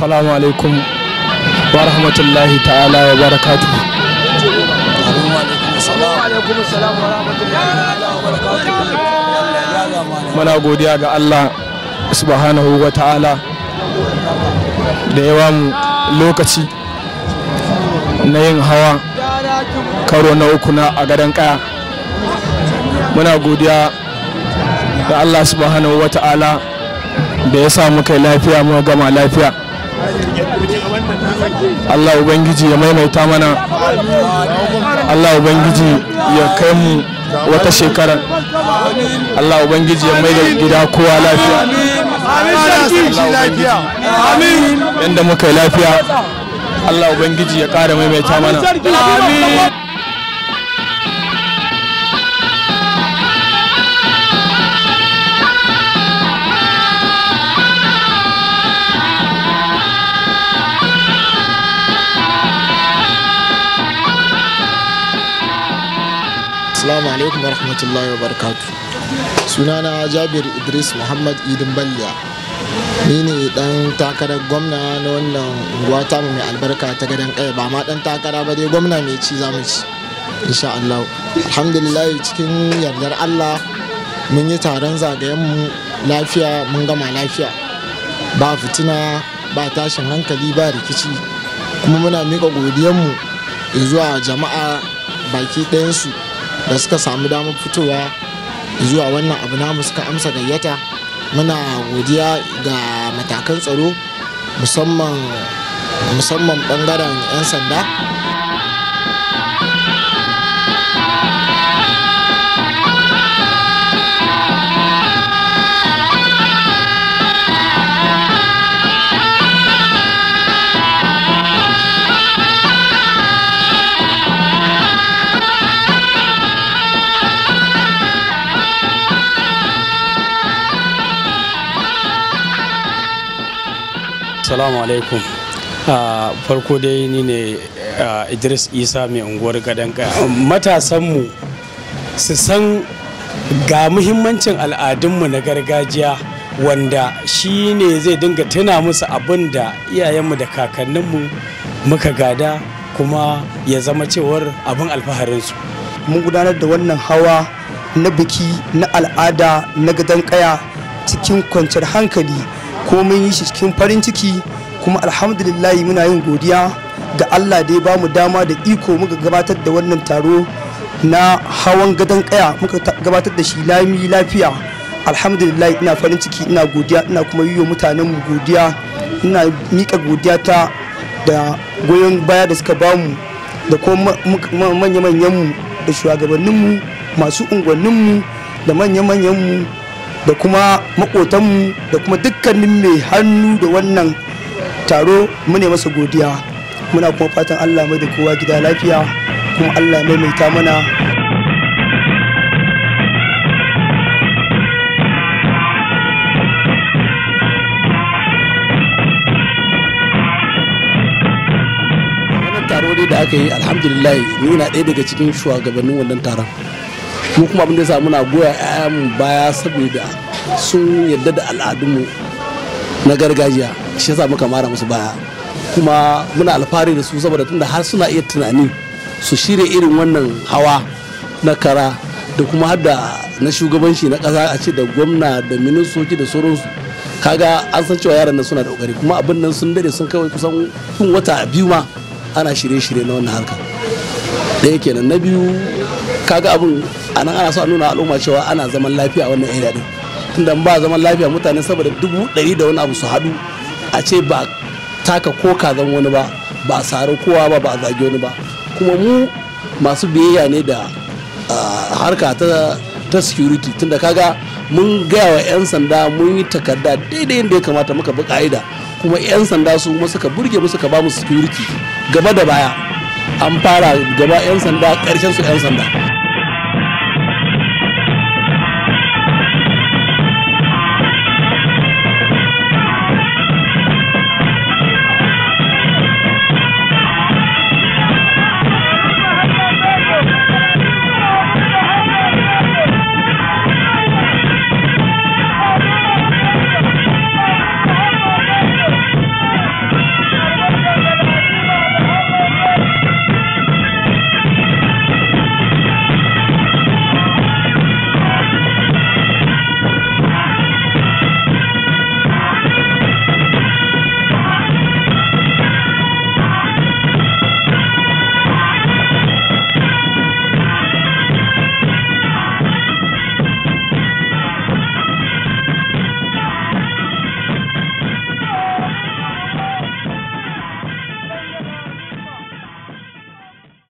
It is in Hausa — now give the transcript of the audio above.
assalamu alaikum wa rahmatullahi ta'ala wa barakatu muna godiya ga Allah subhanahu wa ta'ala da yawa mu lokaci na yin hawa karo na uku na a gadon kaya muna godiya ga Allah subhanahu wa ta'ala da ya sa muka lafiya mu gama lafiya Allah Ubangiji ya maimaita mana Allah Ubangiji ya kai mu wata shekara Allah Ubangiji ya mai da gida kowa lafiya Yanda muka yi lafiya Allah Ubangiji ya ƙara maimaita mana Assalamu alaikum warahmatullahi wabarakatuh. Sunana Jabir Idris Muhammad Idin Balya. Ni ne dan takarar gwamna na wannan unguwa ta mai albarka ta gadon kai ba ma dan takara ba dai gwamna mai ci mu ci. Insha Allah. Alhamdulillah cikin yardar Allah mun yi taron zagayen mu lafiya mun gama lafiya. Ba fitina ba tashin hankali ba rikici kuma muna miƙa godiyanmu zuwa jama'a baki ɗayansu su da suka samu damar fitowa zuwa wannan abu namu suka amsa gayyata muna godiya ga matakan tsaro musamman musamman bangaren 'yan sanda assalamu alaikum ah, farko dai ni ne ah, idris isa mai unguwar gadon matasanmu su san ga muhimmancin al'adunmu na gargajiya wanda shi ne zai dinga tuna musu abin da iyayenmu da kakanninmu muka gada kuma ya zama cewar abin alfaharinsu mun gudanar da wannan hawa na biki na al'ada na gadon kaya cikin kwanciyar hankali ko mun yi shi cikin farin ciki kuma alhamdulillahi, muna yin godiya ga Allah da ya bamu dama da iko muka gabatar da wannan taro na hawan gadon kaya muka gabatar da shi lami lafiya alhamdulillah ina farin ciki ina godiya ina kuma yiwo mutanen mu godiya ina mika godiya ta da goyon baya da suka bamu da kuma manya-manyan mu da shugabanninmu masu unguwanninmu da manya-manyan mu da kuma makotanmu da kuma dukkanin mai hannu da wannan taro mune masa godiya muna kuma fatan allah mai da kowa gida lafiya kuma allah maimaita mana wannan taro da aka yi alhamdulillah ni na ɗaya daga cikin shugabannin wannan taron mu kuma abin da yasa muna goya ƴaƴanmu baya saboda sun yadda da al'adunmu na gargajiya shi yasa muka mara musu baya kuma muna alfahari da su saboda tunda har suna iya tunani su shirya irin wannan hawa na kara da kuma har da na shugabanci na kasa a ce da gwamna da ministoci da sauransu kaga an san cewa yaran nan suna da ƙoƙari kuma abin nan sun dare sun kawai kusan kun wata biyu ma ana shirye-shirye na wannan harka da yake nan na biyu kaga abin a nan ana so a nuna al'umma cewa ana zaman lafiya a wannan area din tunda ba zaman lafiya mutane saboda dubu ɗari da wani abu su haɗu a ce ba taka ko kazan wani ba ba a sari kowa ba ba a zage wani ba kuma mu masu biyayya ne da harka ta ta security tunda kaga mun gaya wa 'yan sanda mun yi takarda daidai yadda ya kamata muka bi ka'ida kuma 'yan sanda su kuma suka burge mu suka ba mu security gaba da baya an fara gaba 'yan sanda ƙarshen su 'yan sanda